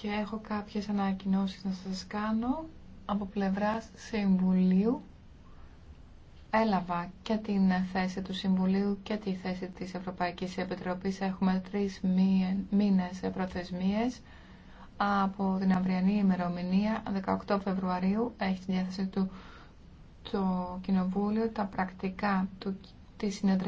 και έχω κάποιες ανακοινώσεις να σας κάνω από πλευράς Συμβουλίου. Έλαβα και την θέση του Συμβουλίου και τη θέση της Ευρωπαϊκής Επιτροπής. Έχουμε τρεις μήνες προθεσμίες από την αυριανή ημερομηνία 18 Φεβρουαρίου. Έχει τη διάθεση του το Κοινοβούλιο τα πρακτικά του, της συνεδρίας.